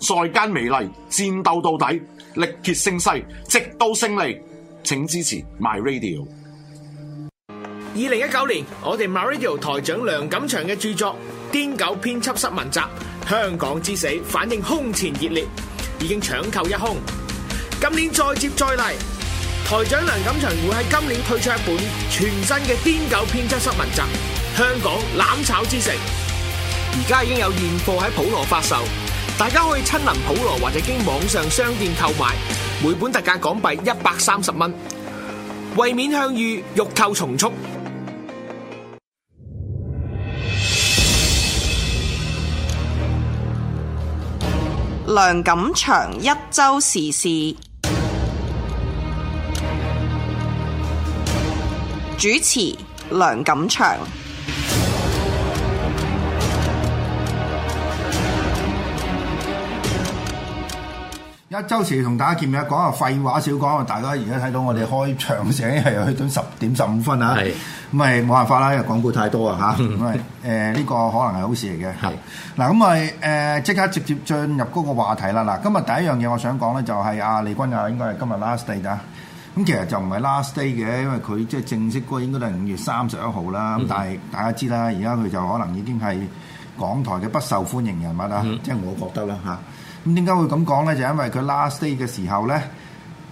再間美麗，戰鬥到底，力竭勝勢，直到勝利，請支持 My Radio。二零一九年，我哋 My Radio 台長梁錦祥嘅著作《癲狗編輯失文集》，香港之死反應空前熱烈，已經搶購一空。今年再接再厲，台長梁錦祥會喺今年推出一本全新嘅《癲狗編輯失文集》，香港攬炒之城，而家已經有現貨喺普羅發售。大家可以親臨普羅，或者經網上商店購買，每本特價港幣一百三十蚊，為免向隅欲購從速。梁錦祥一周時事主持，梁錦祥。一周時同大家見面，講下廢話，少講。大家而家睇到我哋開場成係去到十點十五分啊，咁咪冇辦法啦，因為廣告太多啊嚇。咁咪呢個可能係好事嚟嘅。係嗱，咁咪誒即刻直接進入嗰個話題啦。嗱，今日第一樣嘢我想講咧，就係阿利君雅，應該係今日 last day 咋？咁其實就唔係 last day 嘅，因為佢即係正式嗰個應該都係五月三十一號啦。咁但係大家知啦，而家佢就可能已經係港台嘅不受歡迎人物啦，嗯、即係我覺得啦嚇。咁點解會咁講咧？就因為佢 last day 嘅時候咧，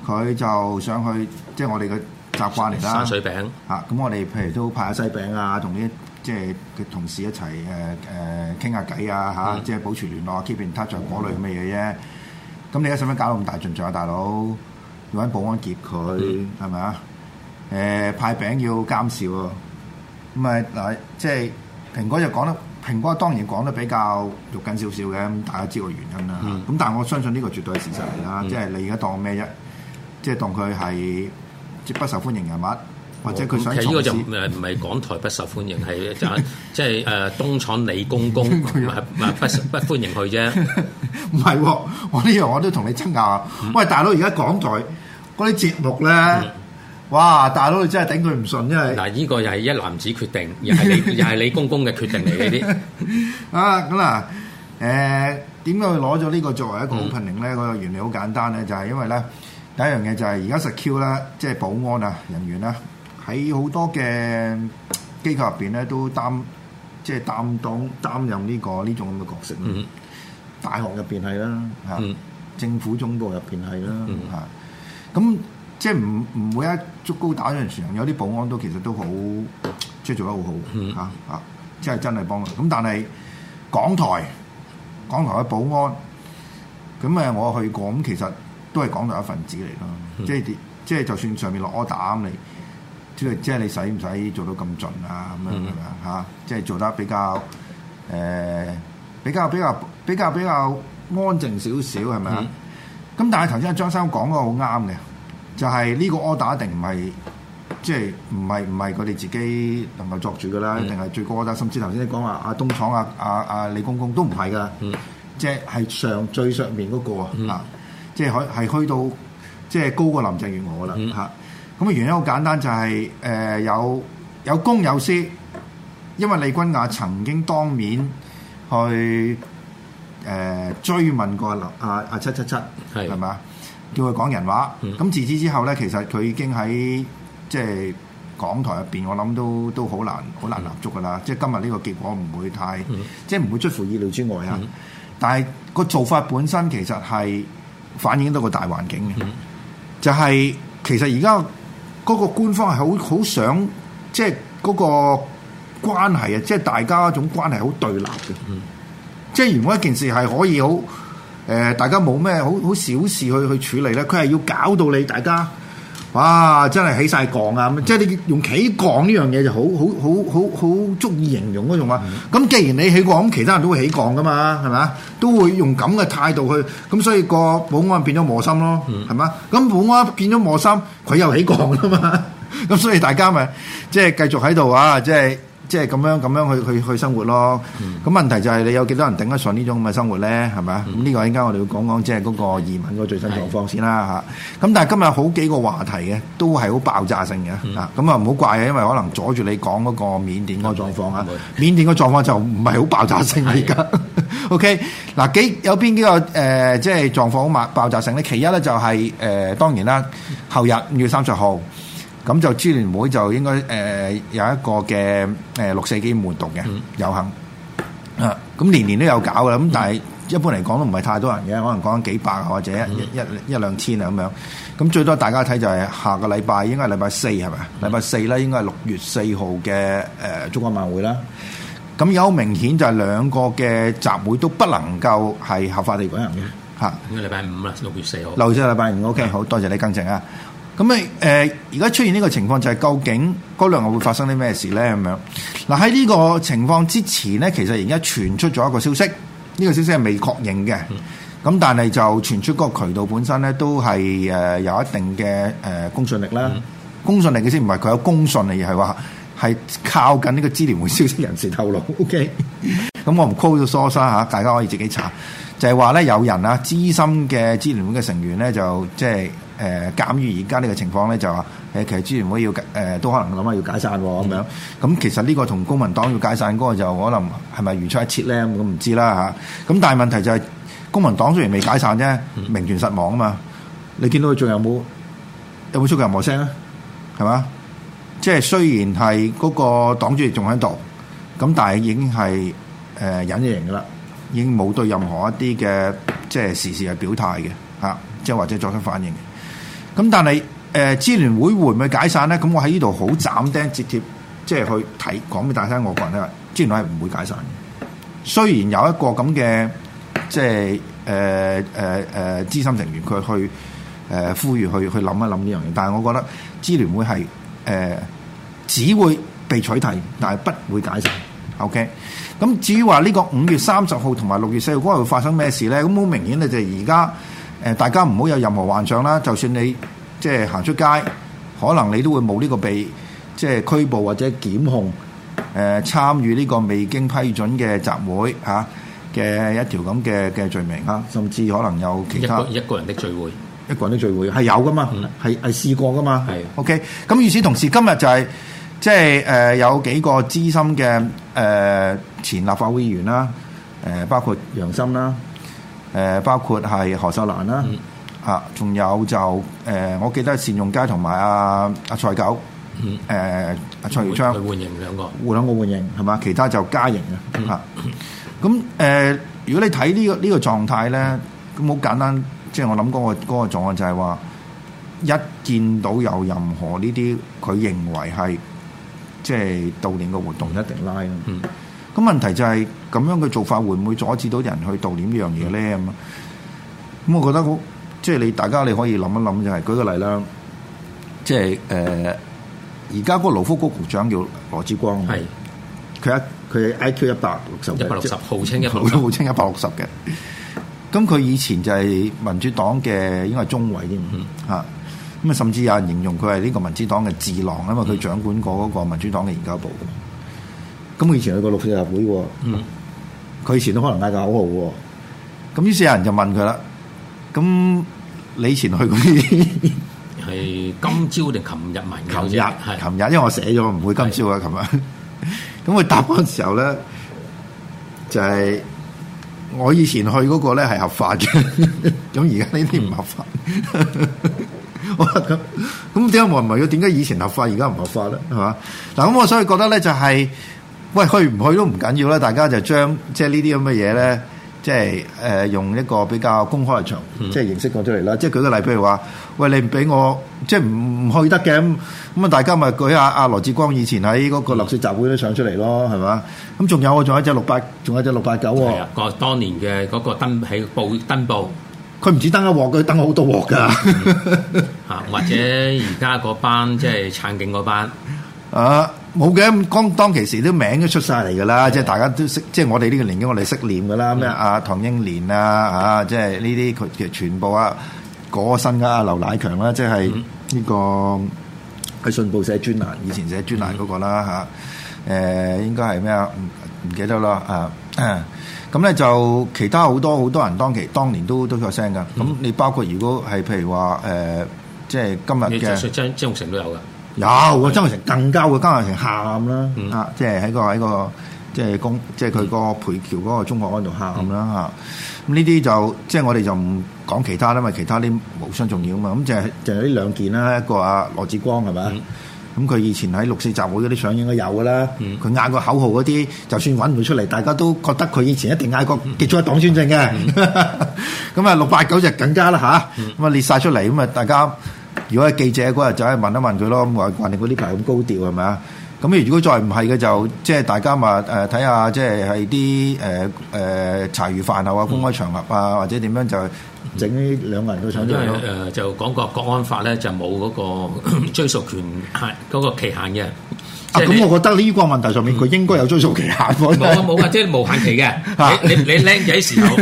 佢就上去，即係我哋嘅習慣嚟啦。散水餅嚇，咁我哋譬如都派下西餅啊，同啲即係嘅同事一齊誒誒傾下偈啊嚇，即係保持聯絡啊，keep in touch 啊嗰類咁嘅嘢啫。咁你而家使唔使搞到咁大陣象啊，大佬？要揾保安劫佢係咪啊？誒派餅要監視喎。咁啊嗱，即係蘋果就講得。蘋果當然講得比較肉緊少少嘅，咁大家知道原因啦。咁、嗯、但係我相信呢個絕對係事實嚟啦、嗯，即係你而家當咩啫？即係當佢係不受歡迎人物，哦、或者佢想。其實呢個就唔係港台不受歡迎，係即係誒東廠李公公，唔係 不 不，不，不，不歡迎佢啫。唔係喎，我呢樣我都同你爭拗。嗯、喂，大佬而家港台嗰啲節目咧～、嗯哇！大佬你真係頂佢唔順，因為嗱，依個又係一男子決定，又係你 又係李公公嘅決定嚟呢啲啊！咁啦誒，點解佢攞咗呢個作為一個 opening 呢？個咧、嗯？個原理好簡單咧，就係、是、因為咧第一樣嘢就係而家 secure 啦，即係保安啊人員啦，喺好多嘅機構入邊咧都擔即係擔當擔任呢、這個呢種咁嘅角色。嗯、大學入邊係啦，吓、嗯，政府總部入邊係啦，吓、嗯，咁。即係唔唔會一足高打咗陣時，有啲保安都其實都好即係做得好好、嗯啊、即係真係幫嘅。咁但係港台港台嘅保安，咁啊我去過，其實都係港台一份子嚟咯、嗯。即係即就算上面落我膽嚟，即係即你使唔使做到咁盡啊？咁、嗯啊、即係做得比較、呃、比較比較比較比較安靜少少係咪？咁但係頭先阿張生講嘅好啱嘅。就係呢個 order 一定唔係，即係唔係唔係佢哋自己能夠作主噶啦？一定係最高 order？甚至頭先你講話阿東廠、阿阿阿李公公都唔係噶，即係係上最上面嗰、那個、嗯、啊，即係可係去到即係、就是、高過林鄭月娥噶啦嚇。咁嘅、嗯啊、原因好簡單、就是，就係誒有有公有私，因為李君雅曾經當面去誒、呃、追問過阿阿阿七七七係嘛？是是吧叫佢講人話，咁自此之後咧，其實佢已經喺即係港台入邊，我諗都都好難好難立足噶啦。即係今日呢個結果唔會太，嗯、即係唔會出乎意料之外啊。嗯、但係個做法本身其實係反映到一個大環境嘅，嗯、就係其實而家嗰個官方係好好想，即係嗰個關係啊，即係大家一種關係好對立嘅。嗯、即係如果一件事係可以好。大家冇咩好好小事去去處理咧，佢係要搞到你大家，哇！真係起晒槓啊！嗯、即係你用起槓呢樣嘢就好好好好好足以形容嗰種啊。咁、嗯、既然你起槓，咁其他人都會起槓噶嘛，係咪啊？都會用咁嘅態度去，咁所以個保安變咗磨心咯，係咪、嗯？咁保安變咗磨心，佢又起槓噶嘛，咁、嗯、所以大家咪即係繼續喺度啊，即係。即係咁樣咁樣去去去生活咯。咁問題就係你有幾多人頂得順呢種咁嘅生活咧？係咪啊？咁呢個應該我哋要講講，即係嗰個移民嗰最新狀況先啦嚇。咁但係今日好幾個話題嘅，都係好爆炸性嘅啊！咁啊唔好怪啊，因為可能阻住你講嗰個緬甸個狀況啊。緬甸個狀況就唔係好爆炸性啊！而家 OK 嗱，幾有邊幾個誒，即係狀況好爆爆炸性咧？其一咧就係誒，當然啦，後日五月三十號。咁就支聯會就應該誒、呃、有一個嘅誒、呃、六四紀念活動嘅遊行啊！咁年年都有搞啦，咁但係一般嚟講都唔係太多人嘅，可能講幾百或者一、嗯、一一,一,一兩千啊咁樣。咁最多大家睇就係下個禮拜，應該係禮拜四係咪？嗯、禮拜四咧，應該係六月四號嘅中國晚會啦。咁有明顯就係兩個嘅集會都不能夠係合法地舉行嘅嚇。啊、應該禮拜五啦，6月4六月四號，六月四禮拜五 OK，好多謝你更正啊！咁誒，誒而家出現呢個情況就係，究竟嗰兩日會發生啲咩事咧？咁樣嗱，喺呢個情況之前咧，其實而家傳出咗一個消息，呢、呢個消息係未確認嘅。咁但係就傳出嗰個渠道本身咧，都係誒有一定嘅誒公信力啦。公信力嘅先唔係佢有公信力，嗯、信力信，而係話係靠近呢個支聯會消息人士透露。O K. 咁我唔 call 咗 source 啊嚇，大家可以自己查，就係話咧有人啊，資深嘅支聯會嘅成員咧就即係。就係誒鑑於而家呢個情況咧，就誒其實支聯會要誒、呃、都可能諗下要解散喎、哦，咁咁、嗯、其實呢個同公民黨要解散嗰個就可能係咪如出一轍咧？我唔知啦咁、啊、但係問題就係公民黨雖然未解散啫，名存實亡啊嘛、嗯。你見到佢仲有冇有冇出過任何聲係嘛？即係雖然係嗰個黨主席仲喺度，咁但係已經係誒、呃、隱形噶啦，已經冇對任何一啲嘅即係時事係表態嘅、啊、即係或者作出反應。咁但係誒支聯會會唔會解散咧？咁我喺呢度好斬釘截鐵，直接即係去睇講俾大家聽。我個人咧，支聯會係唔會解散嘅。雖然有一個咁嘅即係誒誒誒資深成員，佢去誒呼籲去去諗一諗呢樣嘢，但係我覺得支聯會係誒、呃、只會被取締，但係不會解散。OK。咁至於話呢個五月三十號同埋六月四號嗰日會發生咩事咧？咁好明顯你就係而家。誒，大家唔好有任何幻想啦！就算你即係行出街，可能你都會冇呢個被即係拘捕或者檢控誒、呃、參與呢個未經批准嘅集會吓嘅、啊、一條咁嘅嘅罪名啊，甚至可能有其他一個，一個人的聚會，一個人的聚會係有噶嘛，係係的試過噶嘛，係的 OK。咁與此同時今日就係即係誒有幾個資深嘅誒、呃、前立法會議員啦，誒、呃、包括楊森啦。誒，包括係何秀蘭啦，仲、嗯、有就誒，我記得善用街同埋阿阿蔡九，誒阿、嗯啊、蔡耀昌，換型兩個，換兩個換型係嘛？其他就加型嘅，咁如果你睇呢、這個呢、這個狀態咧，咁好、嗯、簡單，即、就、係、是、我諗嗰、那個狀、那個狀就係話，一見到有任何呢啲，佢認為係即係悼念嘅活動，一定拉啦。咁問題就係、是、咁樣嘅做法會唔會阻止到人去悼念呢樣嘢咧？咁咁、嗯、我覺得即係你大家你可以諗一諗就係、是，舉個例啦，即係誒，而家嗰個勞福局局長叫羅致光，係佢一佢 IQ 一百六十，一百六十號稱一百號稱一百六十嘅。咁佢、嗯、以前就係民主黨嘅，應該係中委添嚇。咁啊、嗯，甚至有人形容佢係呢個民主黨嘅智囊，因為佢掌管過嗰個民主黨嘅研究部。咁我以前去過六四大會，嗯，佢以前都可能嗌好號，咁於是有人就問佢啦，咁你以前去過啲係今朝定琴日問？琴日係琴是日，因為我寫咗唔會今朝啊，琴的日。咁佢答嗰時候咧就係、是、我以前去嗰個咧係合法嘅，咁而家呢啲唔合法。嗯、 我咁咁點解冇人係要點解以前合法而家唔合法咧？係嘛？嗱，咁我所以覺得咧就係、是。喂，去唔去都唔緊要啦，大家就將即係呢啲咁嘅嘢咧，即係誒、呃、用一個比較公開嘅場，嗯、即係形式講出嚟啦。即係舉個例，譬如話，喂，你唔俾我，即係唔去得嘅，咁啊大家咪舉一下阿羅志光以前喺嗰個落雪集會都唱出嚟咯，係嘛、嗯？咁仲有我仲有一隻六八，仲有一隻六八九喎。啊，當年嘅嗰個登喺報登報，佢唔止登一鑊，佢登好多鑊噶。嗯嗯、 啊，或者而家嗰班 即係撐警嗰班啊！冇嘅，剛當其時啲名都出晒嚟噶啦，是的 即係大家都識，即係我哋呢個年紀我哋識念噶啦。咩阿、啊、唐英年啊，啊，即係呢啲其實全部啊，嗰、那個、新啦，阿劉乃強啦、啊，即係呢、這個喺信報寫專欄，嗯、以前寫專欄嗰、嗯那個啦，吓、啊，應該係咩啊？唔記得啦，嚇。咁咧就其他好多好多人當，當其當年都都有聲噶。咁、嗯、你包括如果係譬如話、呃、即係今日嘅張張張鈺成都有噶。有啊，曾鈺成更加個曾鈺成喊啦，的啊，即係喺個喺個即係公，即係佢、嗯、個培僑嗰個中學嗰度喊啦。咁呢啲就即係我哋就唔講其他啦，因為其他啲冇咁重要啊嘛。咁就就呢兩件啦，一個阿、啊、羅致光係咪？咁佢以前喺六四集會嗰啲相應該有噶啦。佢嗌個口號嗰啲，就算揾唔出嚟，大家都覺得佢以前一定嗌過結束一黨專政嘅。咁啊、嗯， 六八九就更加啦吓，咁啊列晒出嚟咁啊，嗯、大家。如果係記者嗰日就係問一問佢咯，咁話你定嗰啲牌咁高調係咪啊？咁如果再唔係嘅就即係大家咪誒睇下，即係係啲誒誒茶餘飯後啊、公開場合啊、嗯、或者點樣就整呢兩個人都想。啲就講個國安法咧、那個，就冇嗰個追溯權限嗰個期限嘅。啊，咁我覺得呢個問題上面佢應該有追訴期限。冇啊冇啊，即係無限期嘅。你你你僆仔時候，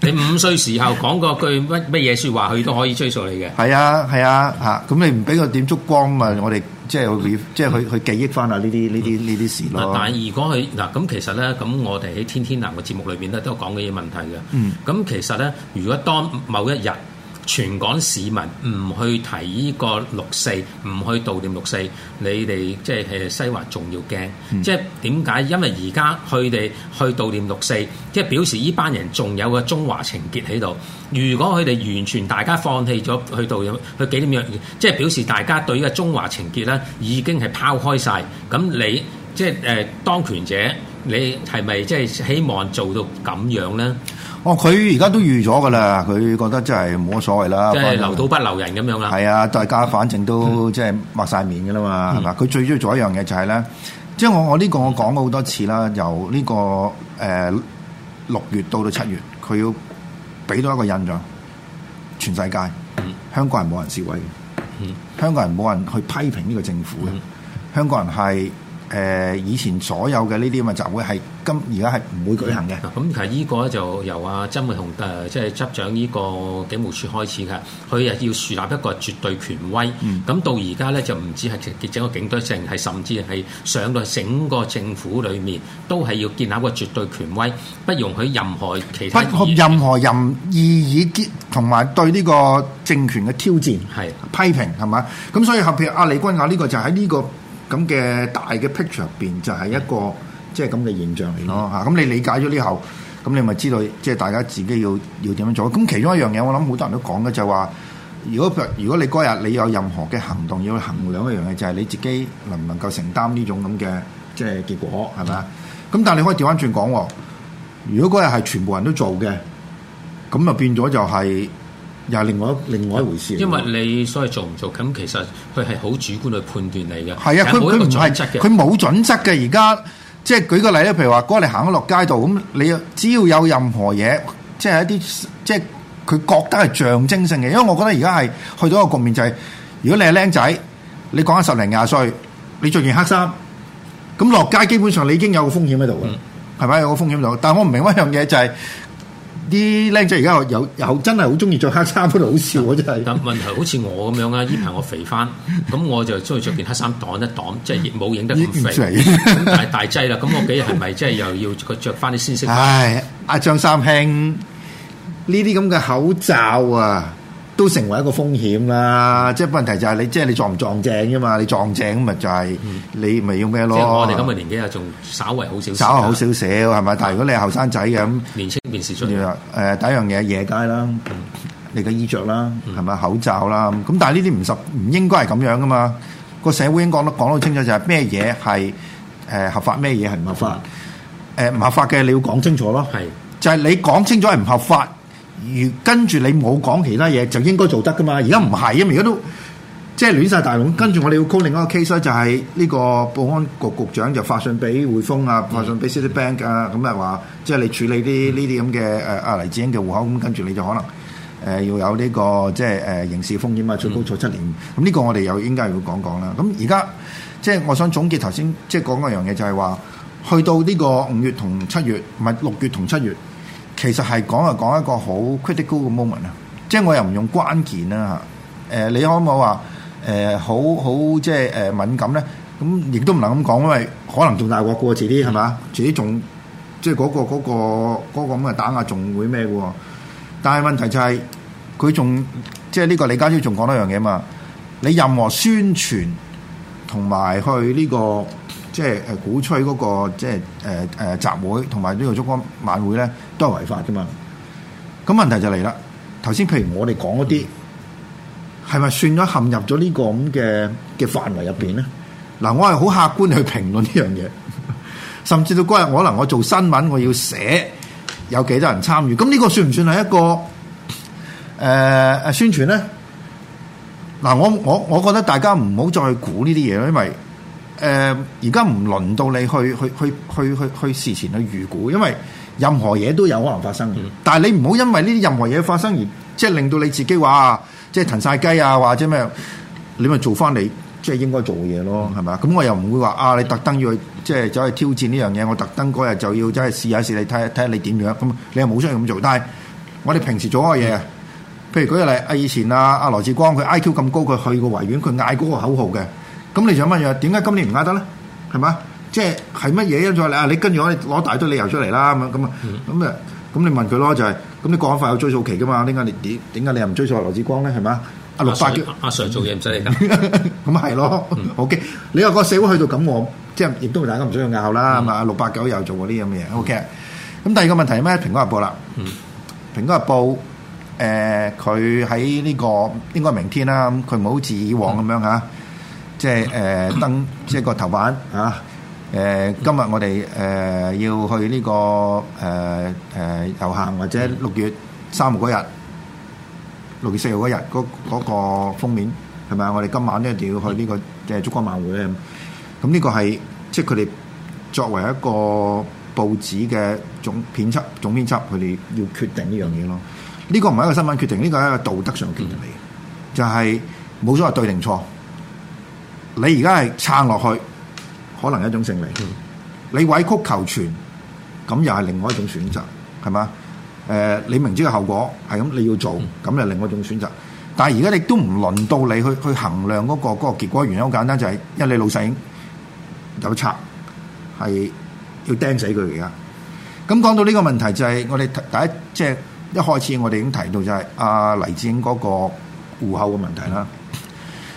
你五歲時候講過句乜乜嘢説話，佢都可以追訴你嘅。係啊係啊嚇，咁你唔俾佢點燭光咪，我哋即係會即係去去記憶翻啊呢啲呢啲呢啲事咯。但係如果佢嗱咁，其實咧咁，我哋喺天天南嘅節目裏邊咧都有講嗰啲問題嘅。咁其實咧，如果當某一日，全港市民唔去提呢個六四，唔去悼念六四，你哋即係西環仲要驚？嗯、即係點解？因為而家佢哋去悼念六四，即係表示呢班人仲有個中華情結喺度。如果佢哋完全大家放棄咗去悼念去紀念，即係表示大家對呢個中華情結咧已經係拋開晒。咁你即係誒當權者，你係咪即係希望做到咁樣咧？哦，佢而家都預咗噶啦，佢覺得真係冇乜所謂啦，即係留到不留人咁樣啦。係正啊，大家反正都即係抹晒面㗎啦嘛。係嘛？佢、嗯、最中意做一樣嘢就係、是、咧，即係我我呢個我講過好多次啦。由呢、呢個誒六、呃、月到到七月，佢要俾到一個印象，全世界香港人冇人示威嘅，香港人冇人，、嗯、人，人去批評呢個政府嘅，嗯嗯、香港人係。誒以前所有嘅呢啲咁嘅集會係今而家係唔會舉行嘅、嗯。咁、嗯嗯、其實呢個咧就由阿、啊、曾偉雄誒即係執掌呢個警務處開始㗎。佢係要樹立一個絕對權威。咁、嗯、到而家咧就唔止係整個警隊性，係甚至係上到整個政府裡面都係要建立一個絕對權威，不容許任何其他。不容任何任意義結同埋對呢個政權嘅挑戰。係是的 批評係嘛？咁所以合譬如阿、啊、李君雅呢個就喺呢、這個。咁嘅大嘅 picture 入邊就係一個即係咁嘅形象嚟咯嚇，咁的、嗯、你理解咗呢後，咁你咪知道即係大家自己要要點樣做。咁其中一樣嘢，我諗好多人都講嘅就係、是、話，如果如果你嗰日你有任何嘅行動要去衡量一樣嘢，就係、是、你自己能唔能夠承擔呢種咁嘅即係結果，係咪啊？咁、嗯、但係你可以調翻轉講，如果嗰日係全部人都做嘅，咁就變咗就係、是。又另外另外一回事，因為你所謂做唔做咁，其實佢係好主觀去判斷你嘅。係啊的，佢佢唔係佢冇準則嘅。而家即係舉個例咧，譬如話嗰日你行咗落街度，咁你只要有任何嘢，即係一啲即係佢覺得係象徵性嘅。因為我覺得而家係去到一個局面就係、是，如果你係僆仔，你講緊十零廿歲，你著件黑衫，咁落街基本上你已經有個風險喺度嘅，係咪、嗯、有個風險度？但我唔明一樣嘢就係、是。啲靚仔而家又又真係好中意着黑衫，好笑喎，啊！真係。但問題好似我咁樣啊，呢排我肥翻，咁 我就中意着件黑衫擋一擋，即係冇影得咁肥。但 大，大劑啦，咁我幾日係咪即係又要個著翻啲鮮色？唉，阿，啊、張三兄呢啲咁嘅口罩啊！都成為一個風險啦，即係問題就係你，即係你撞唔撞正㗎嘛？你撞正咁咪就係你，咪要咩咯？即係我哋咁嘅年紀啊，仲稍為好少少，稍好少少係咪？但係如果你係後生仔嘅咁，年青年時出，你話誒第一樣嘢夜街啦，你嘅衣著啦，係咪口罩啦？咁但係呢啲唔合唔應該係咁樣㗎嘛？個社會應講得講得好清楚，就係咩嘢係誒合法，咩嘢係唔合法？誒唔合法嘅你要講清楚咯，係就係你講清楚係唔合法。如跟住你冇講其他嘢，就應該做得噶嘛？而家唔係，因為而家都即係亂晒大龍。跟住我哋要告另一個 case，就係、是、呢個保安局局長就發信俾匯豐啊，發信俾 Citibank 啊，咁啊話即係你處理啲呢啲咁嘅阿黎智英嘅戶口，咁跟住你就可能、呃、要有呢、這個即係誒、啊、刑事風險啊，最高坐七年。咁呢、嗯、個我哋又應該要講講啦。咁而家即係我想總結頭先即係講嗰樣嘢，就係話去到呢個五月同七月，唔係六月同七月。其實係講啊講一個好 critical 嘅 moment 啊，即係我又唔用關鍵啦嚇，誒、呃、你可唔可話誒好好即係誒、呃、敏感咧？咁亦都唔能咁講，因為可能仲大過過自己係嘛，嗯、自己仲即係、嗰、嗰個嗰、嗰個嗰、嗰個咁嘅打壓仲會咩嘅喎？但係問題就係佢仲即係呢個李家超仲講多樣嘢嘛？你任何宣傳同埋去呢、呢個。即係誒鼓吹嗰、那個即係誒誒集會同埋呢個燭光晚會咧，都係違法嘅嘛。咁問題就嚟啦。頭先譬如我哋講嗰啲係咪算咗陷入咗呢個咁嘅嘅範圍入邊咧？嗱、嗯，我係好客觀去評論呢樣嘢，甚至到嗰日可能我做新聞我要寫有幾多少人參與，咁呢個算唔算係一個誒誒、呃、宣傳咧？嗱，我我我覺得大家唔好再估呢啲嘢啦，因為。誒而家唔輪到你去去去去去去事前去預估，因為任何嘢都有可能發生。嗯、但係你唔好因為呢啲任何嘢發生而即係令到你自己話，即係騰晒雞啊，或者咩？你咪做翻你即係應該做嘅嘢咯，係咪啊？咁我又唔會話啊，你特登要去，即係走去挑戰呢樣嘢，我特登嗰日就要走去試下試，試看看看你睇睇你點樣。咁你又冇需要咁做。但係我哋平時做開嘢，嗯、譬如舉例啊，以前啊，阿羅致光佢 IQ 咁高，佢去過維園，佢嗌嗰個口號嘅。咁你想乜嘢？點解今年唔呃得咧？係嘛？即係係乜嘢因再咧？啊，你跟住我攞大堆理由出嚟啦！咁咁、嗯就是、啊，咁 68 9, 啊，咁你問佢咯，就係咁你國安法有追訴期噶嘛？點解你點解你又唔追訴羅志光咧？係嘛？阿六八九阿阿 Sir 做嘢唔使你㗎，咁啊係咯。OK 你話個社會去到咁，我即係亦都大家唔想拗啦。咁、嗯、啊，六八九又做過啲咁嘅嘢。OK。咁第二個問題咩？蘋果日報啦，蘋、嗯、果日報，誒佢喺呢個應該明天啦，佢唔好似以往咁、嗯、樣嚇。即係誒登即係、就是、個頭版啊！誒、呃，今日我哋誒、呃、要去呢、這個誒誒、呃呃、遊行或者六月三號嗰日、六月四號嗰日嗰、那個封面係咪啊？我哋今晚一定要去呢、這個即係燭光晚會咧。咁呢個係即係佢哋作為一個報紙嘅總編輯總編輯，佢哋要決定呢樣嘢咯。呢、這個唔係一個新聞決定，呢、這個係一個道德上決定嚟，就係、是、冇所謂對定錯。你而家係撐落去，可能一種勝利；你委曲求全，咁又係另外一種選擇，係嘛？誒、呃，你明知個後果係咁，你要做，咁又是另外一種選擇。但係而家你都唔輪到你去去衡量嗰、那個嗰、那個、結果原因，好簡單、就是，就係因為你老細有拆，係要釘死佢而家。咁講到呢個問題、就是，就係我哋第一，即、就、係、是、一開始我哋已經提到就係、是、阿、啊、黎智英嗰個戶口嘅問題啦。嗯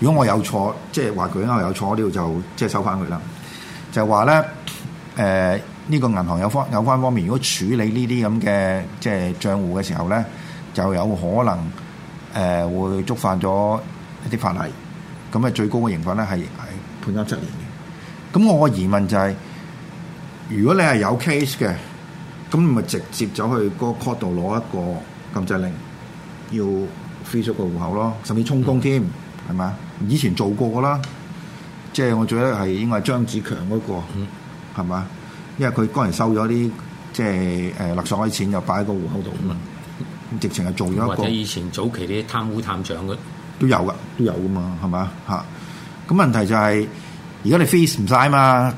如果我有錯，即係話佢啱有錯，呢度就即係收翻佢啦。就話咧，誒呢個銀行有方有關方面，如果處理呢啲咁嘅即係賬戶嘅時候咧，就有可能誒會觸犯咗一啲法例。咁啊最高嘅刑罰咧係係判咗七年嘅。咁我嘅疑問就係，如果你係有 case 嘅，咁咪直接走去個 court 度攞一個禁制令，要 freeze 個戶口咯，甚至充公添。係嘛？以前做過噶啦，即係我最得係應該係張子強嗰、嗰個，係嘛、嗯？因為佢乾係收咗啲即係誒勒索啲錢，又擺喺個戶口度嘛，嗯、直情係做咗一個。或者以前早期啲貪污探長嘅，都有噶，都有噶嘛，係嘛？嚇！咁問題就係如果你 face 唔曬嘛，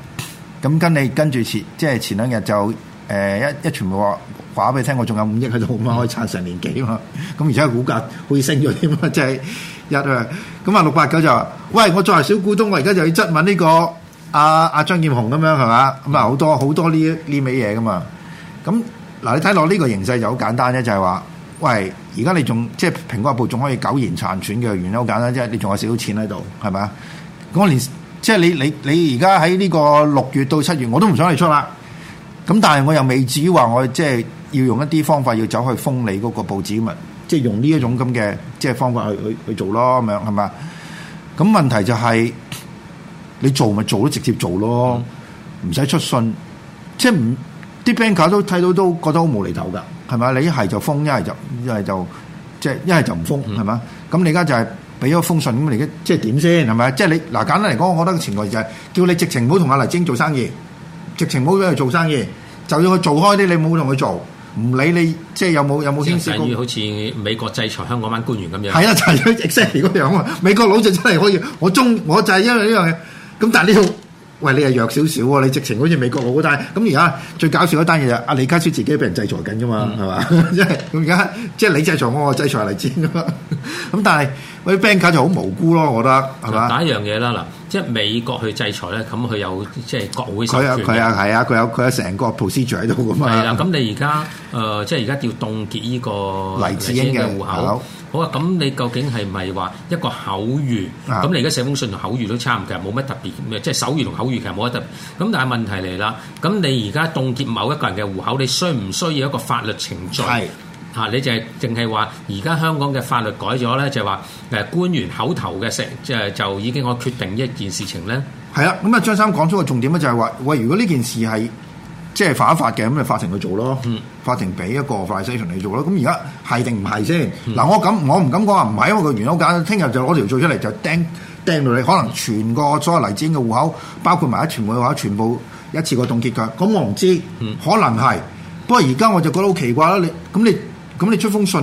咁跟你跟住前即係前兩日就誒、呃、一一全部話話俾你聽，我仲有五億喺度嘛，可以撐成年幾嘛？咁而家股價會升咗添嘛，即係。一啊，咁啊六八九就話，喂，我作為小股東，我而家就要質問呢、這個阿阿、啊啊、張劍虹咁樣係嘛？咁啊好多好多呢呢味嘢噶嘛。咁嗱，你睇落呢個形勢就好簡單啫，就係、是、話，喂，而家你仲即係《蘋果報》仲可以苟延殘喘嘅原因好簡單，即、就、係、是、你仲有少少錢喺度，係嘛？咁我連即係你你你而家喺呢個六月到七月，我都唔想你出啦。咁但係我又未至於話我即係要用一啲方法要走去封你嗰個報紙嘛？即係用呢一種咁嘅即係方法去去去做咯，咁樣係咪啊？咁問題就係、是、你做咪做都直接做咯，唔使、嗯、出信。即係唔啲 banker 都睇到都覺得好無厘頭噶，係咪？你一係就封，一係就一係就即係一係就唔封，係咪啊？咁你而家就係俾咗封信，咁你而家即係點先？係咪？即係你嗱簡單嚟講，我覺得前途就係、是、叫你直情唔好同阿黎晶做生意，直情唔好俾佢做生意，就要佢做開啲，你唔好同佢做。唔理你即係有冇有冇牽涉過好似美國制裁香港班官員咁樣。係啊，就係 exactly 嗰樣啊！美國佬就真係可以，我中我就係因為呢樣嘢。咁但係呢度，喂，你係弱少少喎，你直情好似美國佬，但係咁而家最搞笑嗰單嘢就阿李家超自己俾人制裁緊㗎嘛，係嘛、嗯？即係咁而家即係你制裁我，我制裁你先㗎嘛。咁但係嗰啲 bank 卡就好無辜咯，我覺得係嘛、er？係打一樣嘢啦嗱。即係美國去制裁咧，咁佢有即係國會授權。佢有佢有係啊，佢有佢有成個程序喺度噶嘛。係啦，咁你而家誒，即係而家要凍結呢個黎智英嘅戶口。好啊，咁你究竟係唔係話一個口語？咁你而家寫封信同口語都差唔多，其實冇乜特別。嘅，即係手語同口語其實冇乜特別。咁但係問題嚟啦，咁你而家凍結某一個人嘅戶口，你需唔需要一個法律程序？啊、你就係淨係話而家香港嘅法律改咗咧，就話官員口頭嘅成就就已經可決定一件事情咧。係啦，咁啊張三講咗個重點咧，就係話喂，如果呢件事係即係犯法嘅，咁咪法庭去做咯，嗯、法庭俾一個法院 system 去做咯。咁而家係定唔係先？嗱，我咁我唔敢講話唔係，因為個原老梗聽日就攞條罪出嚟就釘釘到你，可能全個所有黎智英嘅戶口，包括埋一全部嘅戶口，全部一次過凍結嘅。咁我唔知，嗯、可能係。不過而家我就覺得好奇怪啦，你咁你。咁你出封信，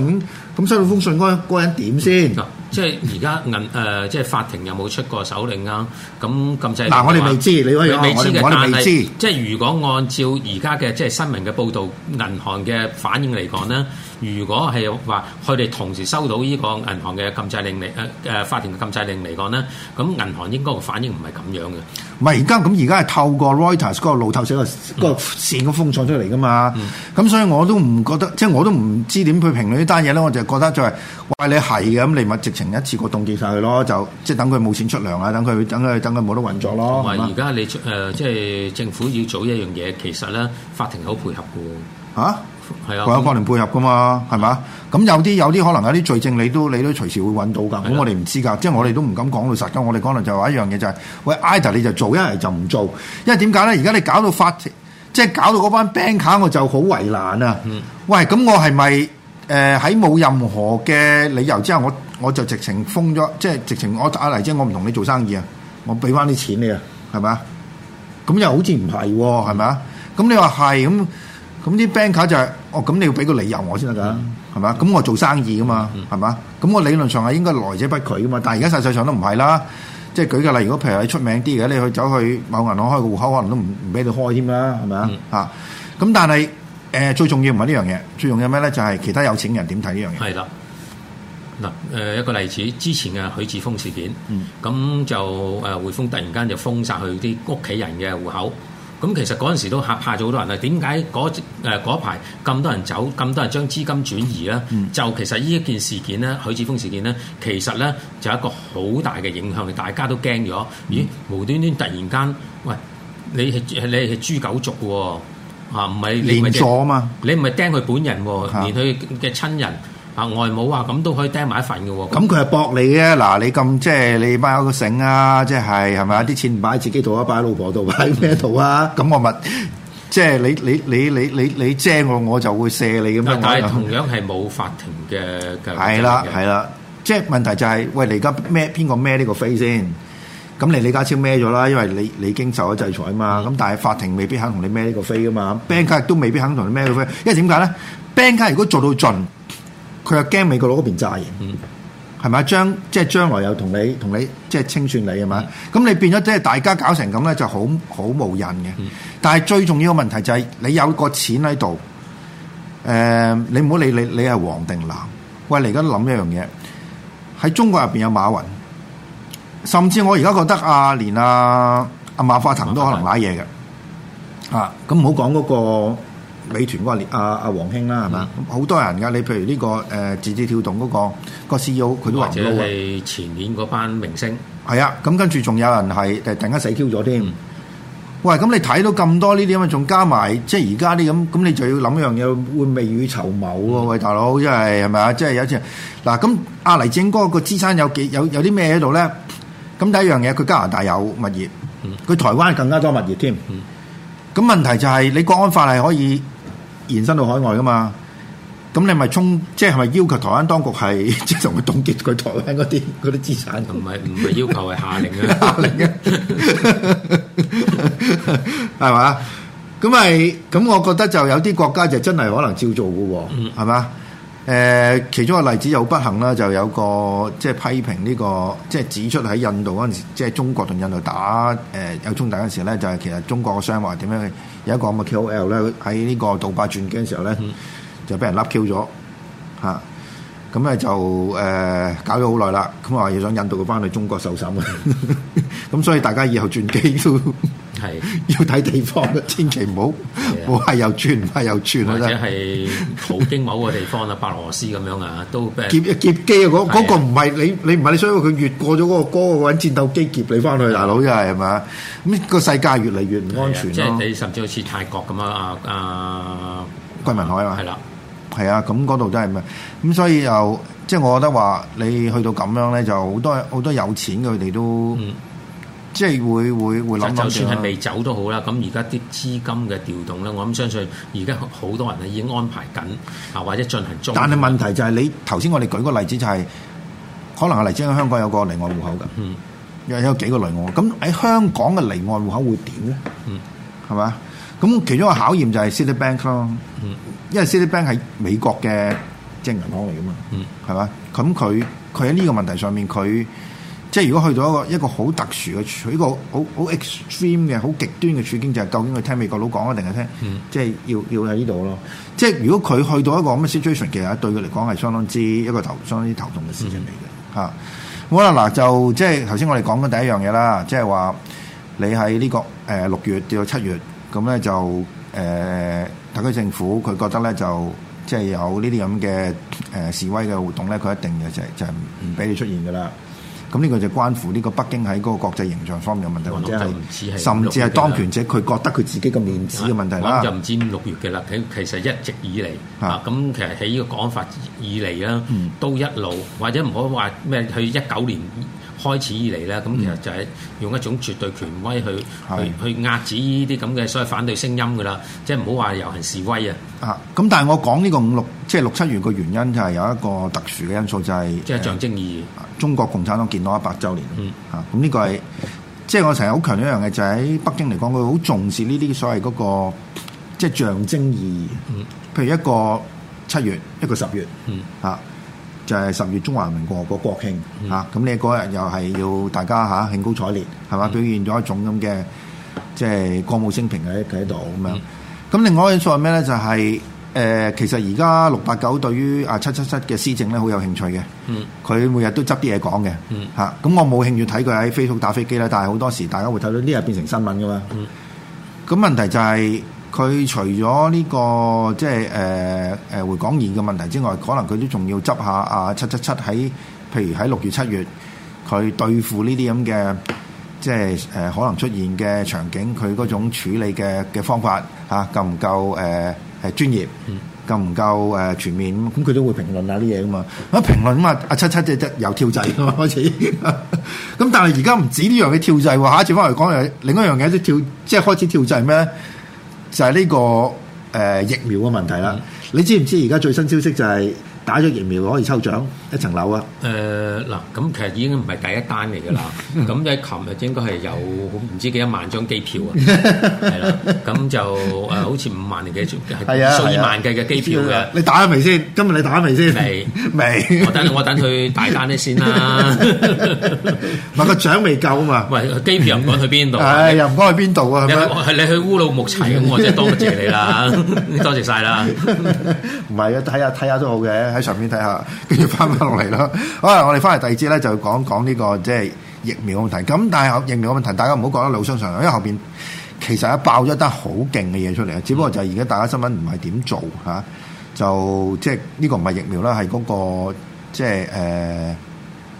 咁收到封信個人點先？嗱、嗯，即係而家銀、呃、即係法庭有冇出過手令啊？咁咁即係嗱，我哋未知，你未知嘅。未未我唔你但知。即係如果按照而家嘅即係新聞嘅報道，銀行嘅反應嚟講咧。如果係話佢哋同時收到呢個銀行嘅禁制令嚟，誒、呃、誒法庭嘅禁制令嚟講咧，咁銀行應該嘅反應唔係咁樣嘅。唔係而家咁，而家係透過 Reuters 嗰個路透社個個線個封鎖出嚟噶嘛。咁、嗯、所以我都唔覺得，即、就、係、是、我都唔知點去評論呢單嘢咧。我就覺得就係、是，喂，你係嘅咁，你咪直情一次過凍結晒佢咯，就即係等佢冇錢出糧啊，等佢等佢等佢冇得運作咯。同埋而家你出誒，即、呃、係政府要做一樣嘢，其實咧法庭好配合嘅。嚇、啊？係啊，是各有各連配合噶嘛，係嘛、嗯？咁有啲有啲可能有啲罪證，你都你都隨時會揾到噶。咁的我哋唔知噶，嗯、即係我哋都唔敢講到實。我哋可能就話一樣嘢就係、是，喂，Either 你就做，一係就唔做，因為點解咧？而家你搞到法庭，即係搞到嗰班 banker，我就好為難啊。嗯、喂，咁我係咪誒喺冇任何嘅理由之後，我我就直情封咗，即係直情我打嚟，我唔同你做生意給給啊，我俾翻啲錢你啊，係嘛？咁又好似唔係喎，係咪啊？咁你話係咁？咁啲 bank 卡、er、就係、是，哦，咁你要俾個理由我先得噶，係咪？咁我做生意噶嘛，係咪？咁我理論上係應該來者不拒噶嘛，但而家實際上都唔係啦。即係舉個例，如果譬如你出名啲嘅，你去走去某銀行開個戶口，可能都唔唔俾你開添啦，係咪、嗯、啊？咁但係最重要唔係呢樣嘢，最重要咩咧？就係、是、其他有錢人點睇呢樣嘢？係啦，嗱、呃、一個例子，之前嘅許智峰事件，咁、嗯、就誒匯豐、呃、突然間就封殺佢啲屋企人嘅戶口。咁其實嗰陣時都嚇嚇咗好多人啊！點解嗰排咁多人走，咁多人將資金轉移咧？嗯、就其實呢一件事件咧，許智峯事件咧，其實咧就有一個好大嘅影響，大家都驚咗。咦？無端端突然間，喂，你係你係豬狗族喎、啊？你唔係連坐嘛？你唔係釘佢本人喎、啊，啊、連佢嘅親人。啊，外母啊咁都可以訂埋一份嘅喎。咁佢係駁你嘅嗱，你咁即係你買個醒啊，即係係咪啊？啲錢唔擺喺自己度，擺喺老婆度，擺喺咩度啊？咁我咪即係你，你你你你你借我，我就會射你咁樣。但係同樣係冇法庭嘅，係啦係啦，即係問題就係喂，你而家咩邊個孭呢個飛先？咁你李家超孭咗啦，因為你你已經受咗制裁啊嘛。咁但係法庭未必肯同你孭呢個飛噶嘛，Bank 卡亦都未必肯同你孭呢個飛，因為點解咧？Bank 卡如果做到盡。佢又驚美國佬嗰邊炸嘢，係咪將即係、就是、將來又同你同你即係、就是、清算你係咪？咁你變咗即係大家搞成咁咧，就好好冇癮嘅。但係最重要嘅問題就係、是、你有個錢喺度，誒、呃、你唔好理你你係黃定藍。喂，你而家諗一樣嘢，喺中國入邊有馬雲，甚至我而家覺得阿、啊、連阿、啊、阿、啊、馬化騰都可能瀨嘢嘅。啊，咁唔好講嗰個。美團嗰個阿阿王興啦，係嘛？好、嗯、多人噶，你譬如呢、這個誒，字、呃、字跳動嗰、那個個 C E O，佢都橫擼。或者係前年嗰班明星。係啊，咁跟住仲有人係突然間死 Q 咗添。嗯、喂，咁你睇到咁多呢啲咁，仲加埋即係而家啲咁，咁你就要諗一樣嘢，會未雨綢繆、嗯就是就是、啊。喂大佬，即係係咪啊？即係有次嗱，咁阿黎正哥個資產有幾有有啲咩喺度咧？咁第一樣嘢，佢加拿大有物業，佢、嗯、台灣更加多物業添。嗯咁問題就係、是、你國安法係可以延伸到海外噶嘛？咁你咪衝即係咪要求台灣當局係即係同佢凍結佢台灣嗰啲嗰啲資產？同埋唔係要求係下令啊！下令啊！係嘛？咁咪咁，我覺得就有啲國家就真係可能照做嘅喎，係嘛、嗯？誒、呃，其中個例子又不幸啦，就有個即係批評呢個，即係、這個、指出喺印度嗰陣時，即係中國同印度打誒、呃、有衝突嗰陣時咧，就係、是、其實中國個商話點樣？有一個咁嘅 K O L 咧，喺呢個杜拜轉機嘅時候咧，就俾人笠 Q 咗嚇，咁、啊、咧就誒、呃、搞咗好耐啦，咁話要想引渡佢翻去中國受審咁 所以大家以後轉機都 ～係要睇地方千祈唔好，唔係又串，唔係又串啊！或者係途經某個地方啦，白俄羅斯咁樣啊，都劫劫機啊！嗰個唔係你，你唔係你，所以佢越過咗嗰個關揾戰鬥機劫你翻去，大佬真係係嘛？咁個世界越嚟越唔安全咯。即係你甚至好似泰國咁樣啊啊，桂民海嘛。係啦，係啊，咁嗰度真係咩？咁所以又即係我覺得話，你去到咁樣咧，就好多好多有錢佢哋都。即係會會會諗諗就算係未走都好啦，咁而家啲資金嘅調動咧，我諗相信而家好多人咧已經安排緊啊，或者進行中。但係問題就係你頭先我哋舉個例子就係、是，可能係嚟子喺香港有個離岸戶口㗎，又、嗯、有幾個離岸。咁喺香港嘅離岸戶口會點咧？嗯，係嘛？咁其中一個考驗就係 Citibank 咯。因為 Citibank 係美國嘅即係銀行嚟㗎嘛。係嘛？咁佢佢喺呢個問題上面佢。即係如果去到一個一個好特殊嘅處，一個好好 extreme 嘅好極端嘅處境，就係、是、究竟佢聽美國佬講一定係聽？嗯、在這裡即係要要喺呢度咯。即係如果佢去到一個咁嘅 situation，其實對佢嚟講係相當之一個頭，相當之頭痛嘅事情嚟嘅。嚇、嗯，好啦，嗱就即係頭先我哋講緊第一樣嘢啦，即係話你喺呢、這個誒、呃、六月到七月咁咧，就誒、呃、特區政府佢覺得咧就即係有呢啲咁嘅誒示威嘅活動咧，佢一定就係、就唔、是、俾你出現㗎啦。咁呢個就關乎呢個北京喺嗰個國際形象方面嘅問題，或者甚至係當權者佢覺得佢自己嘅面子嘅問題啦。就唔止六月嘅啦，其實一直以嚟咁、啊啊、其實喺呢個講法以嚟啦，都一路或者唔好話咩，去一九年，開始以嚟咧，咁其實就係用一種絕對權威去、嗯、去去壓止呢啲咁嘅所謂反對聲音噶啦，即係唔好話遊行示威啊。啊、嗯，咁但係我講呢個五六，即係六七月個原因就係、是、有一個特殊嘅因素，就係、是、即係象徵意義。中國共產黨建黨一百週年，啊、嗯，咁呢、嗯、個係即係我成日好強調一樣嘅，就喺、是、北京嚟講，佢好重視呢啲所謂嗰、那個即係象徵意義。譬如一個七月，一個十月，嗯，啊、嗯。就係十月中華民國嘅國慶嚇，咁、嗯啊、你嗰日又係要大家嚇、啊、興高采烈，係嘛？嗯、表現咗一種咁嘅即係歌舞升平喺喺度咁樣。咁另外一因素係咩咧？就係、是、誒、呃，其實而家六八九對於啊七七七嘅施政咧，好有興趣嘅。佢、嗯、每日都執啲嘢講嘅。嗯，咁、啊、我冇興趣睇佢喺 Facebook 打飛機啦。但係好多時大家會睇到呢日變成新聞㗎嘛。嗯，咁問題就係、是。佢除咗呢個即係誒誒回港易嘅問題之外，可能佢都仲要執下啊七七七喺，譬如喺六月七月，佢對付呢啲咁嘅即係誒、呃、可能出現嘅場景，佢嗰種處理嘅嘅方法嚇、啊、夠唔夠誒係、呃、專業，夠唔夠誒、呃、全面咁，佢、嗯、都會評論下啲嘢噶嘛。啊評論啊嘛，阿七七即即由跳掣開始，咁 但係而家唔止呢樣嘢跳掣喎，下一次翻嚟講另一樣嘢都跳，即係開始跳掣咩？就係呢個誒疫苗嘅問題啦，你知唔知而家最新消息就係？打咗疫苗可以抽獎一層樓啊！誒嗱，咁其實已經唔係第一單嚟噶啦，咁你琴日應該係有唔知幾多萬張機票啊，係啦，咁就誒好似五萬定幾張係數以萬計嘅機票嘅。你打咗未先？今日你打咗未先？未未，我等我等佢大單先啦。唔係個獎未夠啊嘛？喂，機票又唔講去邊度？誒又唔講去邊度啊？係你去烏魯木齊咁，我真係多謝你啦，多謝晒啦。唔係嘅，睇下睇下都好嘅。喺上面睇下，跟住翻翻落嚟啦。 好啦，我哋翻嚟第二節咧，就講講呢、這個即係、就是、疫苗問題。咁但係疫苗問題，大家唔好講得老生常談，因為後邊其實爆了一爆咗一單好勁嘅嘢出嚟啊！只不過就而家大家新聞唔係點做嚇、啊，就即係呢個唔係疫苗啦，係嗰、那個即係誒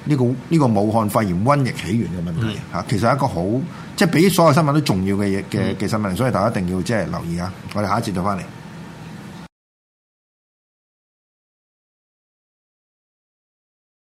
呢個呢、這個武漢肺炎瘟疫起源嘅問題嚇、啊。其實是一個好即係比所有新聞都重要嘅嘢嘅嘅新聞，所以大家一定要即係、就是、留意啊！我哋下一節再翻嚟。